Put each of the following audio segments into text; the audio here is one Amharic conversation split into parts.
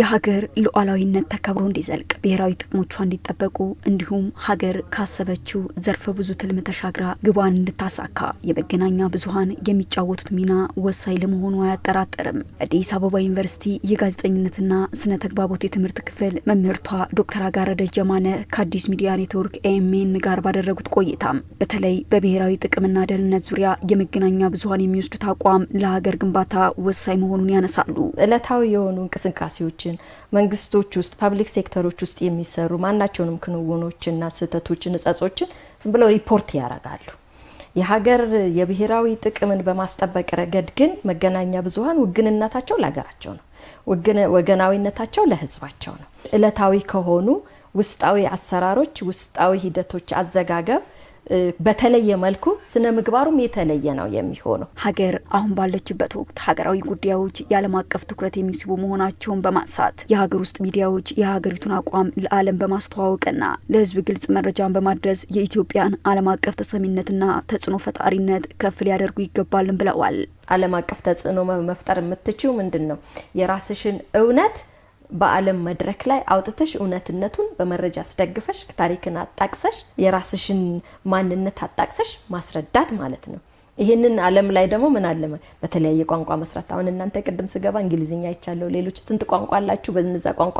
የሀገር ሉዓላዊነት ተከብሮ እንዲዘልቅ ብሔራዊ ጥቅሞቿ እንዲጠበቁ እንዲሁም ሀገር ካሰበችው ዘርፈ ብዙ ትልም ተሻግራ ግቧን እንድታሳካ የመገናኛ ብዙኃን የሚጫወቱት ሚና ወሳኝ ለመሆኑ አያጠራጥርም። አዲስ አበባ ዩኒቨርሲቲ የጋዜጠኝነትና ስነ ተግባቦት የትምህርት ክፍል መምህርቷ ዶክተር አጋረደ ጀማነ ከአዲስ ሚዲያ ኔትወርክ ኤኤምኤን ጋር ባደረጉት ቆይታም በተለይ በብሔራዊ ጥቅምና ደህንነት ዙሪያ የመገናኛ ብዙኃን የሚወስዱት አቋም ለሀገር ግንባታ ወሳኝ መሆኑን ያነሳሉ። ዕለታዊ የሆኑ እንቅስቃሴዎች ስራዎችን መንግስቶች ውስጥ ፐብሊክ ሴክተሮች ውስጥ የሚሰሩ ማናቸውንም ክንውኖችና ስህተቶች፣ ንጸጾችን ዝም ብለው ሪፖርት ያደርጋሉ። የሀገር የብሔራዊ ጥቅምን በማስጠበቅ ረገድ ግን መገናኛ ብዙሀን ውግንነታቸው ለሀገራቸው ነው፣ ወገናዊነታቸው ለህዝባቸው ነው። እለታዊ ከሆኑ ውስጣዊ አሰራሮች፣ ውስጣዊ ሂደቶች አዘጋገብ በተለየ መልኩ ስነ ምግባሩም የተለየ ነው የሚሆነው። ሀገር አሁን ባለችበት ወቅት ሀገራዊ ጉዳዮች የዓለም አቀፍ ትኩረት የሚስቡ መሆናቸውን በማንሳት የሀገር ውስጥ ሚዲያዎች የሀገሪቱን አቋም ለዓለም በማስተዋወቅና ለሕዝብ ግልጽ መረጃን በማድረስ የኢትዮጵያን ዓለም አቀፍ ተሰሚነትና ተጽዕኖ ፈጣሪነት ከፍ ሊያደርጉ ይገባልን ብለዋል። ዓለም አቀፍ ተጽዕኖ መፍጠር የምትችው ምንድን ነው? የራስሽን እውነት በዓለም መድረክ ላይ አውጥተሽ እውነትነቱን በመረጃ አስደግፈሽ ታሪክን አጣቅሰሽ የራስሽን ማንነት አጣቅሰሽ ማስረዳት ማለት ነው። ይህንን ዓለም ላይ ደግሞ ምን አለ በተለያየ ቋንቋ መስራት። አሁን እናንተ ቅድም ስገባ እንግሊዝኛ ይቻለው ሌሎች ስንት ቋንቋ አላችሁ። በነዛ ቋንቋ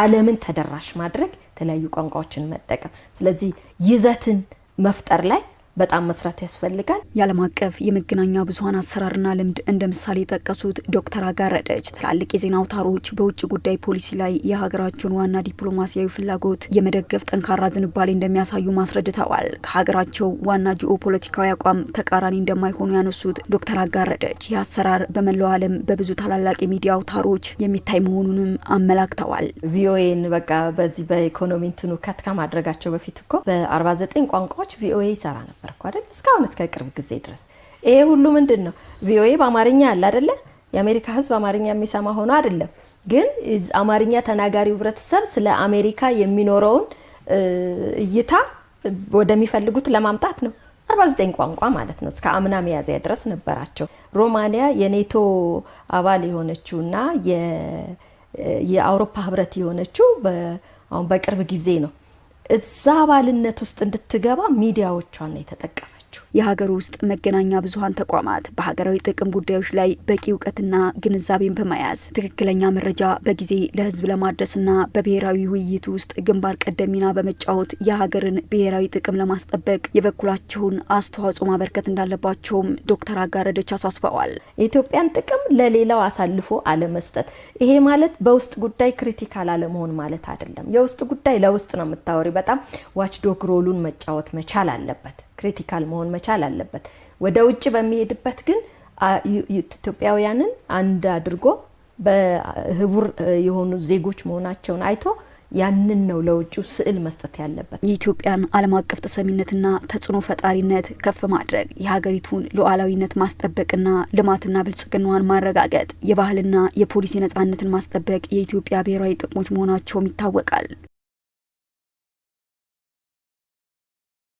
ዓለምን ተደራሽ ማድረግ፣ የተለያዩ ቋንቋዎችን መጠቀም፣ ስለዚህ ይዘትን መፍጠር ላይ በጣም መስራት ያስፈልጋል። የዓለም አቀፍ የመገናኛ ብዙኃን አሰራርና ልምድ እንደ ምሳሌ የጠቀሱት ዶክተር አጋረደች ትላልቅ የዜና አውታሮች በውጭ ጉዳይ ፖሊሲ ላይ የሀገራቸውን ዋና ዲፕሎማሲያዊ ፍላጎት የመደገፍ ጠንካራ ዝንባሌ እንደሚያሳዩ ማስረድተዋል። ከሀገራቸው ዋና ጂኦፖለቲካዊ አቋም ተቃራኒ እንደማይሆኑ ያነሱት ዶክተር አጋረደች ይህ አሰራር በመላው ዓለም በብዙ ታላላቅ የሚዲያ አውታሮች የሚታይ መሆኑንም አመላክተዋል። ቪኦኤን በቃ በዚህ በኢኮኖሚ እንትኑ ከትካ ማድረጋቸው በፊት እኮ በ49 ቋንቋዎች ቪኦኤ ይሰራ ነው። ጀመርኩ አይደል? እስካሁን እስከ ቅርብ ጊዜ ድረስ ይሄ ሁሉ ምንድን ነው? ቪኦኤ በአማርኛ አለ አይደለ? የአሜሪካ ህዝብ አማርኛ የሚሰማ ሆኖ አይደለም። ግን አማርኛ ተናጋሪው ህብረተሰብ ስለ አሜሪካ የሚኖረውን እይታ ወደሚፈልጉት ለማምጣት ነው። 49 ቋንቋ ማለት ነው። እስከ አምና ሚያዝያ ድረስ ነበራቸው። ሮማንያ የኔቶ አባል የሆነችውና የአውሮፓ ህብረት የሆነችው አሁን በቅርብ ጊዜ ነው እዛ አባልነት ውስጥ እንድትገባ ሚዲያዎቿን ነው የተጠቀመ ናቸው። የሀገር ውስጥ መገናኛ ብዙሀን ተቋማት በሀገራዊ ጥቅም ጉዳዮች ላይ በቂ እውቀትና ግንዛቤን በመያዝ ትክክለኛ መረጃ በጊዜ ለህዝብ ለማድረስና በብሔራዊ ውይይት ውስጥ ግንባር ቀደም ሚና በመጫወት የሀገርን ብሔራዊ ጥቅም ለማስጠበቅ የበኩላቸውን አስተዋጽኦ ማበርከት እንዳለባቸውም ዶክተር አጋረደች አሳስበዋል። የኢትዮጵያን ጥቅም ለሌላው አሳልፎ አለመስጠት፣ ይሄ ማለት በውስጥ ጉዳይ ክሪቲካል አለመሆን ማለት አይደለም። የውስጥ ጉዳይ ለውስጥ ነው የምታወሪ። በጣም ዋችዶግ ሮሉን መጫወት መቻል አለበት። ክሪቲካል መሆን መቻል አለበት። ወደ ውጭ በሚሄድበት ግን ኢትዮጵያውያንን አንድ አድርጎ በህቡር የሆኑ ዜጎች መሆናቸውን አይቶ ያንን ነው ለውጭ ስዕል መስጠት ያለበት። የኢትዮጵያን ዓለም አቀፍ ተሰሚነትና ተጽዕኖ ፈጣሪነት ከፍ ማድረግ፣ የሀገሪቱን ሉዓላዊነት ማስጠበቅና ልማትና ብልጽግናዋን ማረጋገጥ፣ የባህልና የፖሊሲ ነጻነትን ማስጠበቅ የኢትዮጵያ ብሔራዊ ጥቅሞች መሆናቸውም ይታወቃል።